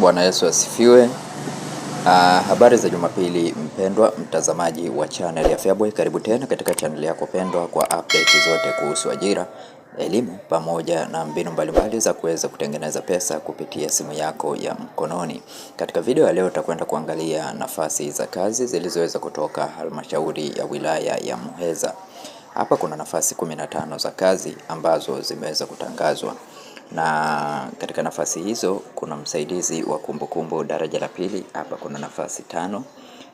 Bwana Yesu asifiwe. Ah, habari za Jumapili mpendwa mtazamaji wa channel ya Feaboy, karibu tena katika channel yako pendwa kwa update zote kuhusu ajira, elimu pamoja na mbinu mbalimbali za kuweza kutengeneza pesa kupitia simu yako ya mkononi. Katika video ya leo tutakwenda kuangalia nafasi za kazi zilizoweza kutoka halmashauri ya wilaya ya Muheza. Hapa kuna nafasi 15 za kazi ambazo zimeweza kutangazwa na katika nafasi hizo kuna msaidizi wa kumbukumbu daraja la pili. Hapa kuna nafasi tano.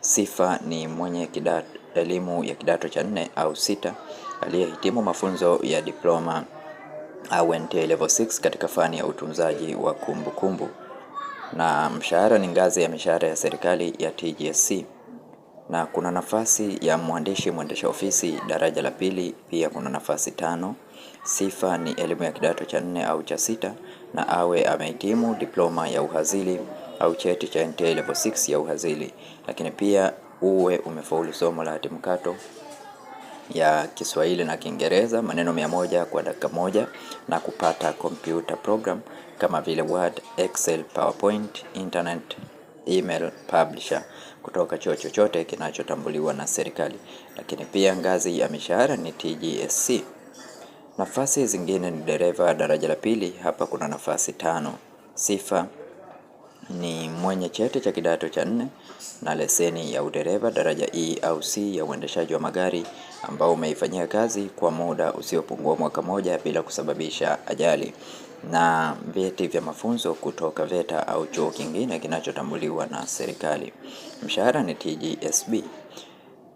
Sifa ni mwenye kidato, elimu ya kidato cha nne au sita aliyehitimu mafunzo ya diploma au NTA level 6 katika fani ya utunzaji wa kumbukumbu kumbu. Na mshahara ni ngazi ya mishahara ya serikali ya TGSC na kuna nafasi ya mwandishi mwendesha ofisi daraja la pili, pia kuna nafasi tano. Sifa ni elimu ya kidato cha nne au cha sita na awe amehitimu diploma ya uhazili au cheti cha NTA level 6 ya uhazili, lakini pia uwe umefaulu somo la hatimkato ya Kiswahili na Kiingereza maneno mia moja kwa dakika moja na kupata kompyuta program kama vile Word, Excel, PowerPoint, internet, email, publisher kutoka chuo chochote kinachotambuliwa na serikali. Lakini pia ngazi ya mishahara ni TGSC. Nafasi zingine ni dereva daraja la pili, hapa kuna nafasi tano. Sifa ni mwenye cheti cha kidato cha nne na leseni ya udereva daraja E au C ya uendeshaji wa magari ambao umeifanyia kazi kwa muda usiopungua mwaka moja bila kusababisha ajali, na vyeti vya mafunzo kutoka VETA au chuo kingine kinachotambuliwa na serikali. Mshahara ni TGSB.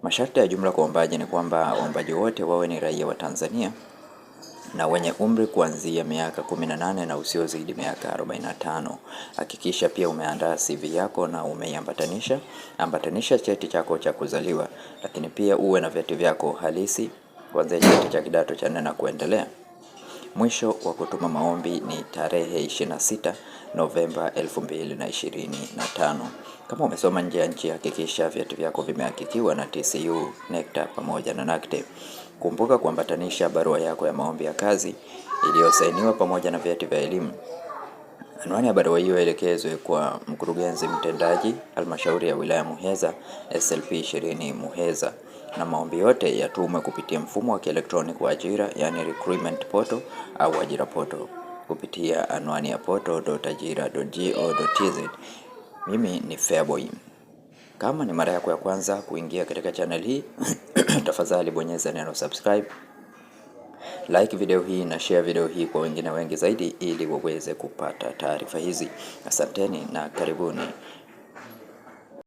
Masharti ya jumla kwa waombaji ni kwamba waombaji wote wawe ni raia wa Tanzania na wenye umri kuanzia miaka 18 na usiozidi miaka 45. Hakikisha pia umeandaa CV yako na umeiambatanisha. Ambatanisha cheti chako cha kuzaliwa, lakini pia uwe na vyeti vyako halisi kuanzia cheti cha kidato cha nne na kuendelea. Mwisho wa kutuma maombi ni tarehe 26 Novemba 2025. Kama umesoma nje ya nchi, hakikisha vyeti vyako vimehakikiwa na TCU, NECTA pamoja na NACTE. Kumbuka kuambatanisha barua yako ya maombi ya kazi iliyosainiwa pamoja na vyeti vya elimu. Anwani ya barua hiyo elekezwe kwa mkurugenzi mtendaji halmashauri ya wilaya Muheza, SLP 20 Muheza, na maombi yote yatumwe kupitia mfumo wa kielektroniki wa ajira, yani recruitment portal au ajira portal kupitia anwani ya portal.ajira.go.tz. Mimi ni Feaboy. Kama ni mara yako ya kwanza kuingia katika channel hii tafadhali bonyeza neno subscribe, like video hii na share video hii kwa wengine wengi zaidi, ili waweze kupata taarifa hizi. Asanteni na karibuni.